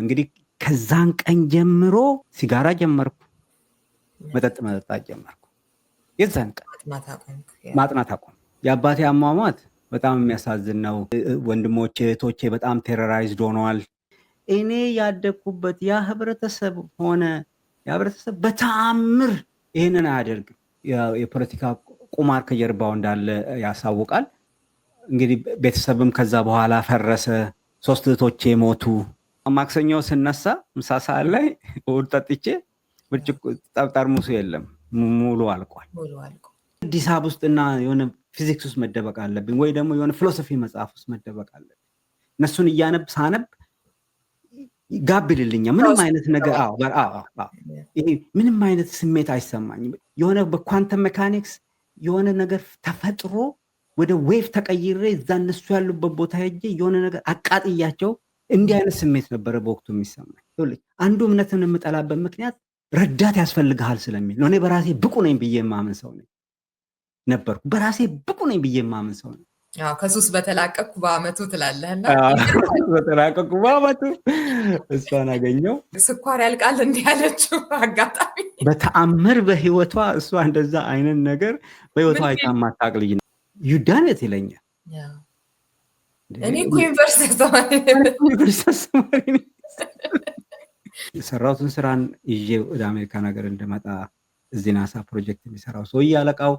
እንግዲህ ከዛን ቀን ጀምሮ ሲጋራ ጀመርኩ፣ መጠጥ መጠጣት ጀመርኩ። የዛን ቀን ማጥናት አቆም። የአባቴ አሟሟት በጣም የሚያሳዝን ነው። ወንድሞቼ እህቶቼ በጣም ቴሮራይዝድ ሆነዋል። እኔ ያደግኩበት ያ ህብረተሰብ ሆነ ያ ህብረተሰብ በተአምር ይህንን አያደርግም። የፖለቲካ ቁማር ከጀርባው እንዳለ ያሳውቃል። እንግዲህ ቤተሰብም ከዛ በኋላ ፈረሰ። ሶስት እህቶቼ ሞቱ። ማክሰኞ ስነሳ ምሳ ሰዓት ላይ እሑድ ጠጥቼ ብርጭቆ ጠርሙሱ የለም ሙሉ አልቋል። ውስጥ እና የሆነ ፊዚክስ ውስጥ መደበቅ አለብኝ ወይ ደግሞ የሆነ ፊሎሶፊ መጽሐፍ ውስጥ መደበቅ አለብኝ። እነሱን እያነብ ሳነብ ጋብ ይልልኛል። ምንም አይነት ነገር ምንም አይነት ስሜት አይሰማኝም። የሆነ በኳንተም ሜካኒክስ የሆነ ነገር ተፈጥሮ ወደ ዌቭ ተቀይሬ እዛ እነሱ ያሉበት ቦታ ሄጄ የሆነ ነገር አቃጥያቸው እንዲህ አይነት ስሜት ነበረ በወቅቱ የሚሰማኝ። አንዱ እምነትን የምጠላበት ምክንያት ረዳት ያስፈልግሃል ስለሚል ነው። እኔ በራሴ ብቁ ነኝ ብዬ የማምን ሰው ነኝ ነበርኩ። በራሴ ብቁ ነኝ ብዬ የማምን ሰው ነኝ። ከሱስ በተላቀቅኩ በአመቱ ትላለህና በተላቀቅኩ በአመቱ እሷን አገኘው። ስኳር ያልቃል እንዲህ ያለችው አጋጣሚ በተአምር በህይወቷ እሷ እንደዛ አይነት ነገር በህይወቷ አይታ ማታውቅ ዩዳነት ይለኛል እኔ እኮ ዩኒቨርሲቲ አስተማሪ ዩኒቨርሲቲ አስተማሪ የሰራሁትን ስራን ይዤ ወደ አሜሪካ ነገር እንደመጣ እዚህ ናሳ ፕሮጀክት የሚሰራው ሰውዬ አለቃው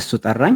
እሱ ጠራኝ።